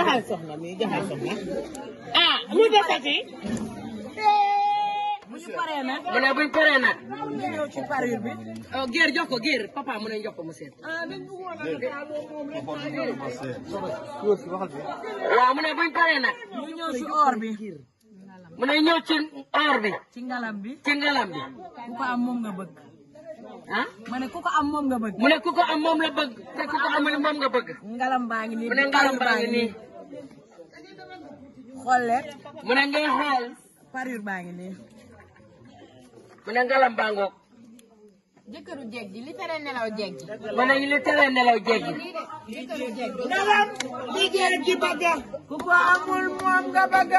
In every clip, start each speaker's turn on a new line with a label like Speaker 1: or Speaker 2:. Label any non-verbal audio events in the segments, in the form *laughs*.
Speaker 1: jaxal
Speaker 2: soxna mi jaxal soxna ah lu desati bu ñu paree nag mu ne bu ñu paree nag ñu ñëw ci parure bi oh, géer jox ko géer papa mu ne jox ko mu seet ah, ah, waaw mu ne bu ñu paree nag ñu ñëw ci or bi mu ne ñëw ci or bi ci ngalam bi ci ngalam bi ku ko am moom nga bëgg ah ma ne ku ko am moom nga bëgg mu ne ku ko am moom la bëgg te ku ko amul moom nga bëgg ngalam baa ngi nii mu ne ngalam baa ngi nii xool leen. mu ne ngeen xool. parure baa ngi nii. mu ne ngalam baa ngoog. jëkkëru jeeg ji li tere nelaw jeeg ji. mu ne li tere nelaw jeeg ji. jëkkëru jeeg ji. ngalam li jeeg ji bëgg. ku ko amul moom nga bëgg.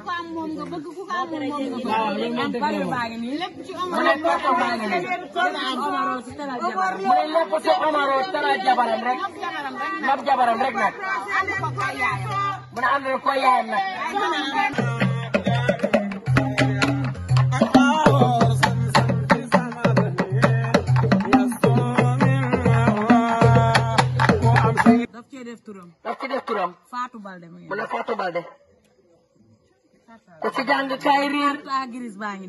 Speaker 2: ku ko am moom nga bëgg ku ko am moom nga bëgg lépp ci Omaro lépp ci Omaro tala jabaram rek nab jabaram rek nag mu ne ànd ko yaayam nag daf ci def turam. daf ci def turam. Fatou Balde te si ngi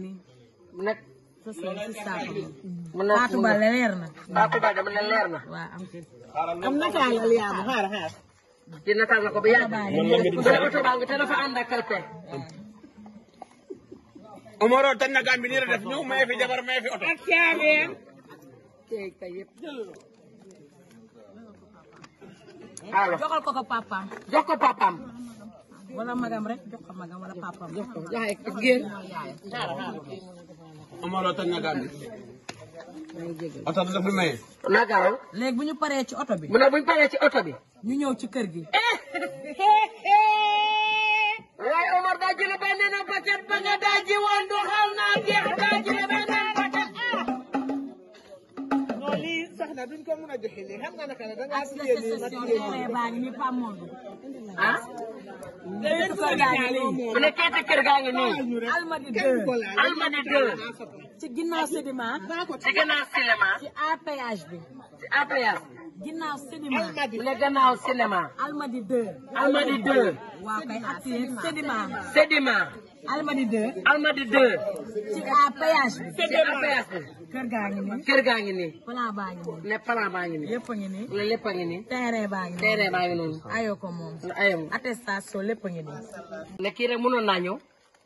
Speaker 2: nii. mu nekk. sa si mu nekk Fatou leer na. Fatou Balla mu ne leer na. waaw na. am na ko ba yàgg. mu ne oto baa ngi te dafa ànd ak kalpe.
Speaker 1: tan na gàmbi def ñëw may jabar may oto.
Speaker 2: ak ko ko papaam. jox wala magam rek jox ko magam wala papaam jox ko yaay ak géer
Speaker 1: Omaro toj na oto bi dafa maye
Speaker 2: na bu ñu paree ci oto bi mu ne bu ñu paree ci oto bi ñu ñëw ci kër gi eh! *laughs* waaye Omar daa jël benn na paquet ba nga daa ji woon wax na duñ ko mën a joxe nii xam nga naka la dangaa siyee nii ma siyee nii ah léegi ko daal ne tete kër gaa ngi nii almadi deux almadi deux ci ginnaaw sédiment ci ginnaaw sédiment ci APH bi ci APH bi ginnaaw cinéma mu ne gannaaw almadi 2. almadi 2. ci à euh, péage ci euh, gaa ngi nii. kër gaa ngi nii. baa ngi ne plan baa ngi nii. lépp a ngi nii. lépp a baa ngi nii. baa ngi ayoo ko moom. ayoo attestation lépp a ne kii rek mënoon naa ñëw.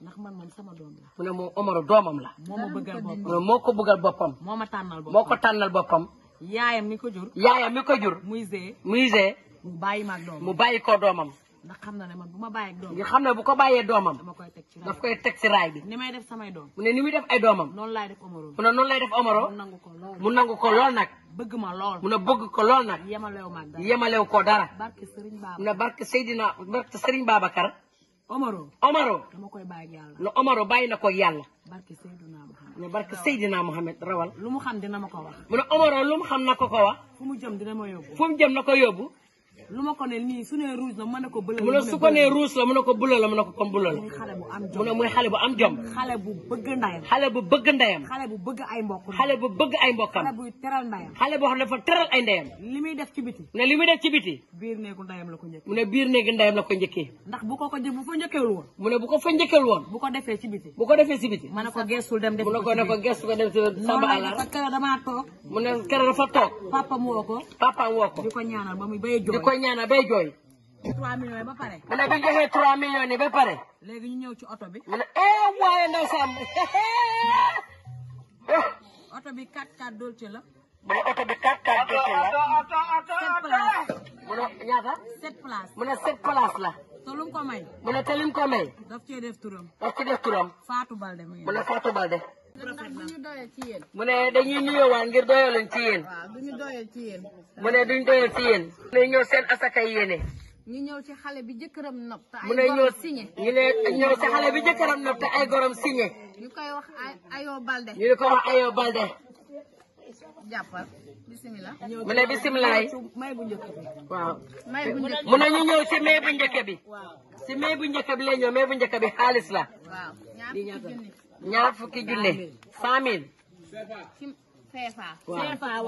Speaker 2: ndax man man sama doom la. doomam la. moo ma boppam. moo ko bëggal boppam. moo ma tànnal boppam. ko tànnal boppam. yaayam mi ko jur. yaayam mi ko jur. muy zee. muy zee. mu bàyyi ma ak doomam mu bàyyi ko doomam. ndax xam na ne man bu ma bàyyeeg doomam. nga xam na bu ko bàyyee doomam. dama koy teg ci daf koy teg ci raay bi. ni may def samay doom. mu ne ni muy def ay doomam. noonu laay def Omaro. mu ne noonu lay def Omaro. mu nangu ko lool nag. bëgg ma lool mu ne bëgg ko lool nag. yemalew ma dara yemalew ko dara. barke Serigne Babacar mu ne barke na barke Serigne Babacar. Omaro Omaro. dama koy bàyyi yàlla. ne Omaro bàyyi na ko yàlla. barke Seydina Mohamed. ne barke Seydina Mohamed rawal. lu mu xam dina ma ko wax. mu ne Omaro lu mu xam na ko ko wax. fu mu jëm dina ma yóbbu. fu mu jëm na ko yóbbu. lu ma ko ne nii su nee rouge la mën na ko bëla mu ne su ko nee rouge la mën na ko bëla la mën na ko comme bëla la mu ne muy xale bu am jom xale bu bëgg ndayam xale bu bëgg ndayam xale bu bëgg ay mbokk xale bu bëgg ay mbokkam xale bu teral ndayam xale boo xam ne dafa teral ay ndayam li muy def ci biti mu ne li muy def ci biti biir néegu ndayam la ko njëkkee mu ne biir néegu ndayam la ko njëkkee ndax bu ko ko jë bu fa njëkkewul woon mu ne bu ko fa njëkkewul woon bu ko defee ci biti bu ko defee ci biti mu ne ko geesul dem def mu ne ko ne ko geesul ko dem samba àllar mu ne kër dafa toog papa mu woo ko papa mu woo ko di ko ñaanal ba muy bay jóg koy ñaanal bay jooy. 3 millions yi ba pare. mu ne bi ñu joxee 3 millions yi ba pare. léegi ñu ñëw ci oto bi. mu a eh waaye ndaw Samb. *laughs* oto bi 4-4 dolce la. mu ne oto bi 4-4 dolce la. 7 places. ñaata. 7 places. mu ne 7 places la. te mu ko may. mu ne te mu ko may. daf cee def turam. daf cee def turam. Fatou Balde mu ne Fatou Balde. ndax du ñu doyee ci yéen. mu ne dañuy nuyoowaat ngir doyaluñ ci yéen. waaw duñ doyee ci yéen. mu ñu ñëw ci bi may bu njëkk bi. waaw. may bu njëkk bi mu ne ñu ñëw ci may bu njëkk bi. xaalis la. ñaar fukki junne cent mille. CFA. CFA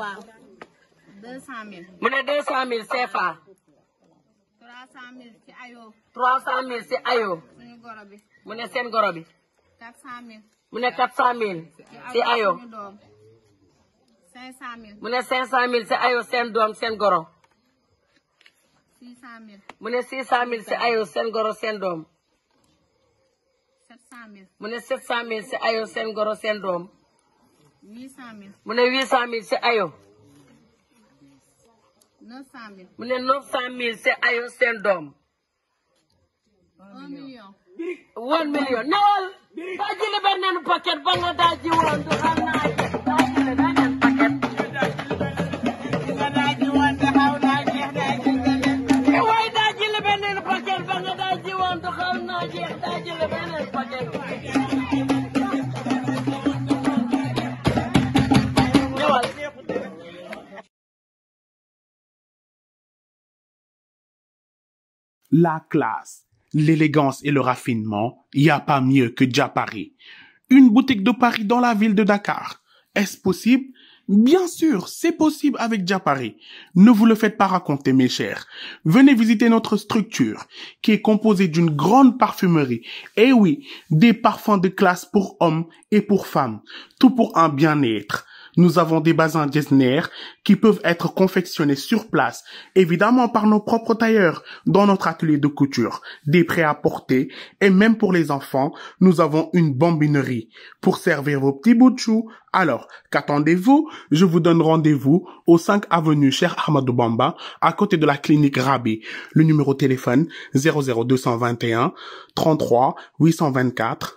Speaker 2: mu ne deux cent mille CFA. trois cent mille ayoo. trois cent mille ayoo. mu ne seen goro bi. quatre mu ne quatre cent mille. ci ayoo. cinq cent mille. mu ne cinq cent mille ci ayoo seen doom seen goro. six mu ne six cent mille ayoo seen goro seen doom. mu ne 700000 si ayo seen goro seen doom. 800000 mu ne 800000 si ayo. 900000 mu ne 900000 si ayo seen doom. 1 million. 1 million newal. daa jëli benn paquet ba nga daa ji woon du xam
Speaker 1: la classe, l'élégance et le raffinement, y a pas mieux que Dia Une boutique de Paris dans la ville de Dakar. Est-ce possible? Bien sûr, c'est possible avec Dia Paris. Ne vous le faites pas raconter, mes chers. Venez visiter notre structure, qui est composée d'une grande parfumerie. Et eh oui, des parfums de classe pour hommes et pour femmes. Tout pour un bien-être Nous avons des bazins Getzner qui peuvent être confectionnés sur place, évidemment par nos propres tailleurs, dans notre atelier de couture, des prêt-à-porter, et même pour les enfants, nous avons une bambinerie pour servir vos petits bouts de chou. Alors, qu'attendez-vous Je vous donne rendez-vous au 5 avenue Cher Ahmadou Bamba, à côté de la clinique Rabi. Le numéro de téléphone 00221 33 824